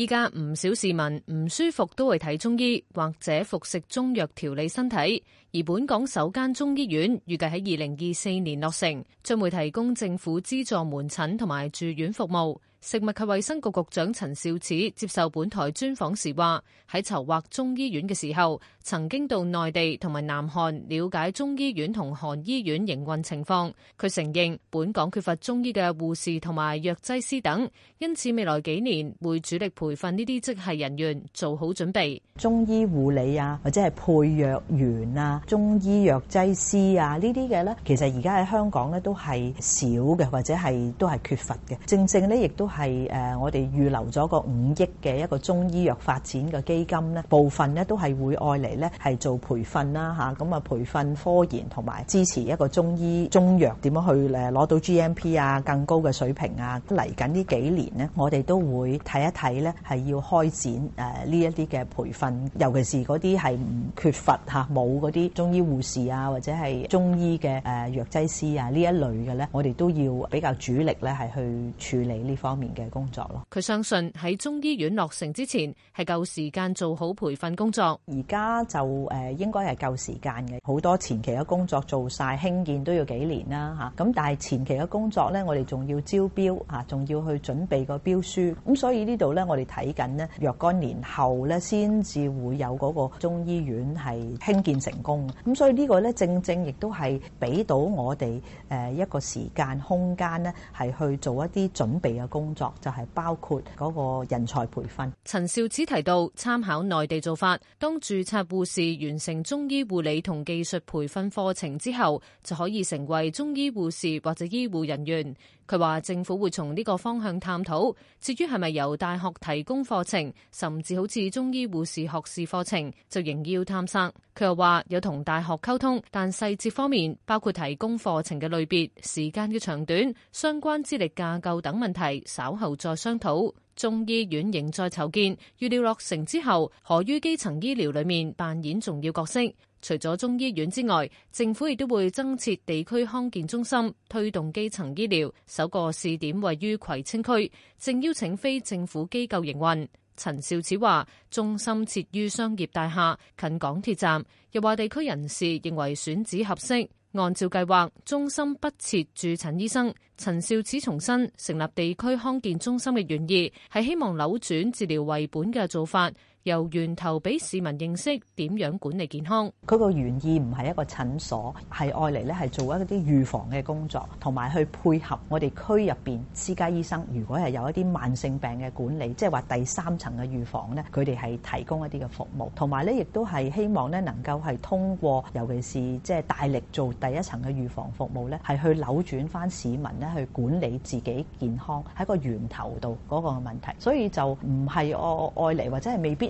依家唔少市民唔舒服都會睇中醫或者服食中藥調理身體，而本港首間中醫院預計喺二零二四年落成，將會提供政府資助門診同埋住院服務。食物及衛生局局長陳肇始接受本台專訪時話：喺籌劃中醫院嘅時候，曾經到內地同埋南韓了解中醫院同韓醫院營運情況。佢承認本港缺乏中醫嘅護士同埋藥劑師等，因此未來幾年會主力培訓呢啲職系人員，做好準備。中醫護理啊，或者係配藥員啊，中醫藥劑師啊呢啲嘅呢，其實而家喺香港呢都係少嘅，或者係都係缺乏嘅。正正呢，亦都。係誒、呃，我哋預留咗個五億嘅一個中醫藥發展嘅基金咧，部分咧都係會愛嚟咧係做培訓啦嚇，咁啊培訓科研同埋支持一個中醫中藥點樣去誒攞到 GMP 啊更高嘅水平啊！嚟緊呢幾年咧，我哋都會睇一睇呢係要開展誒呢、啊、一啲嘅培訓，尤其是嗰啲係唔缺乏嚇冇嗰啲中醫護士啊，或者係中醫嘅誒、啊、藥劑師啊呢一類嘅呢，我哋都要比較主力呢係去處理呢方面。面嘅工作咯，佢相信喺中醫院落成之前係夠時間做好培訓工作，而家就誒應該係夠時間嘅，好多前期嘅工作做晒，興建都要幾年啦吓。咁但係前期嘅工作呢，我哋仲要招標吓，仲要去準備個標書，咁所以呢度呢，我哋睇緊呢若干年後呢，先至會有嗰個中醫院係興建成功。咁所以呢個呢，正正亦都係俾到我哋誒一個時間空間呢，係去做一啲準備嘅工作。工作就係包括嗰個人才培訓，陳肇始提到，參考內地做法，當註冊護士完成中醫護理同技術培訓課程之後，就可以成為中醫護士或者醫護人員。佢話政府會從呢個方向探討，至於係咪由大學提供課程，甚至好似中醫護士學士課程，就仍要探索。佢又話有同大學溝通，但細節方面包括提供課程嘅類別、時間嘅長短、相關資歷架構等問題稍後再商討。中醫院仍在籌建，預料落成之後可於基層醫療裏面扮演重要角色。除咗中醫院之外，政府亦都會增設地區康健中心，推動基層醫療。首個試點位於葵青區，正邀請非政府機構營運。陳肇始話：中心設於商業大廈，近港鐵站。又話地區人士認為選址合適。按照計劃，中心不設駐診醫生。陳肇始重申，成立地區康健中心嘅原意係希望扭轉治療為本嘅做法。由源頭俾市民認識點樣管理健康，佢個原意唔係一個診所，係愛嚟咧係做一啲預防嘅工作，同埋去配合我哋區入邊私家醫生，如果係有一啲慢性病嘅管理，即係話第三層嘅預防咧，佢哋係提供一啲嘅服務，同埋咧亦都係希望咧能夠係通過，尤其是即係大力做第一層嘅預防服務咧，係去扭轉翻市民咧去管理自己健康，喺個源頭度嗰個問題，所以就唔係我愛嚟或者係未必。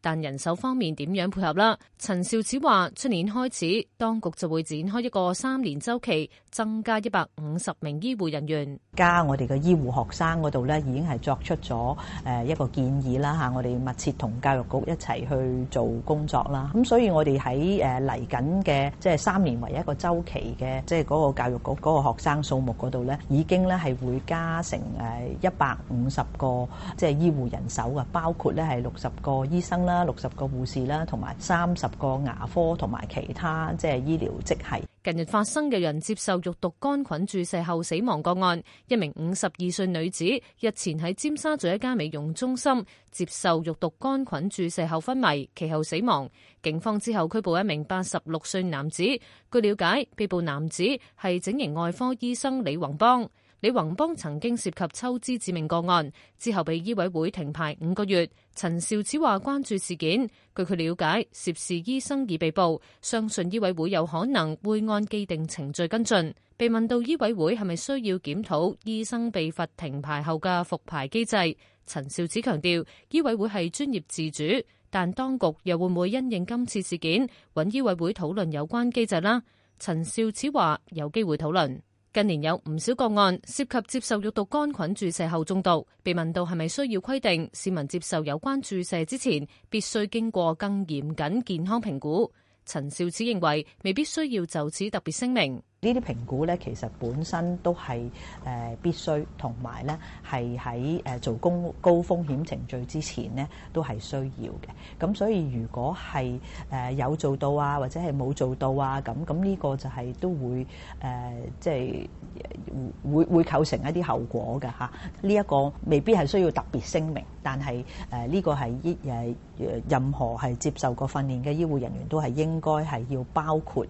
但人手方面點樣配合啦？陳肇始話：出年開始，當局就會展開一個三年周期，增加一百五十名醫護人員。加我哋嘅醫護學生嗰度咧，已經係作出咗誒一個建議啦。吓，我哋密切同教育局一齊去做工作啦。咁所以我，我哋喺誒嚟緊嘅即係三年為一個周期嘅即係嗰個教育局嗰個學生數目嗰度咧，已經咧係會加成誒一百五十個即係醫護人手啊，包括咧係六十個醫生。啦，六十個護士啦，同埋三十個牙科同埋其他即係醫療即係。近日發生嘅，人接受肉毒桿菌注射後死亡個案，一名五十二歲女子日前喺尖沙咀一間美容中心接受肉毒桿菌注射後昏迷，其後死亡。警方之後拘捕一名八十六歲男子。據了解，被捕男子係整形外科醫生李宏邦。李宏邦曾經涉及抽脂致命個案，之後被醫委會停牌五個月。陳肇始話關注事件，據佢了解，涉事醫生已被捕，相信醫委會有可能會按既定程序跟進。被問到醫委會係咪需要檢討醫生被罰停牌後嘅復牌機制，陳肇始強調醫委會係專業自主，但當局又會唔會因應今次事件，揾醫委會討論有關機制啦？陳肇始話有機會討論。近年有唔少個案涉及接受肉毒桿菌注射後中毒，被問到係咪需要規定市民接受有關注射之前，必須經過更嚴謹健康評估。陳肇始認為未必需要就此特別聲明。呢啲評估咧，其實本身都係誒、呃、必須同埋咧係喺誒做高高風險程序之前咧，都係需要嘅。咁所以如果係誒、呃、有做到啊，或者係冇做到啊，咁咁呢個就係都會誒、呃、即係會會構成一啲後果嘅吓。呢一個未必係需要特別聲明，但係誒呢個係誒誒任何係接受過訓練嘅醫護人員都係應該係要包括誒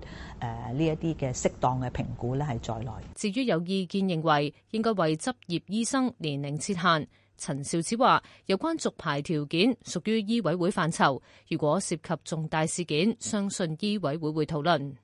呢一啲嘅適當嘅評估呢係在內。至於有意見認為應該為執業醫生年齡設限，陳肇始話：有關續牌條件屬於醫委會範疇，如果涉及重大事件，相信醫委會會討論。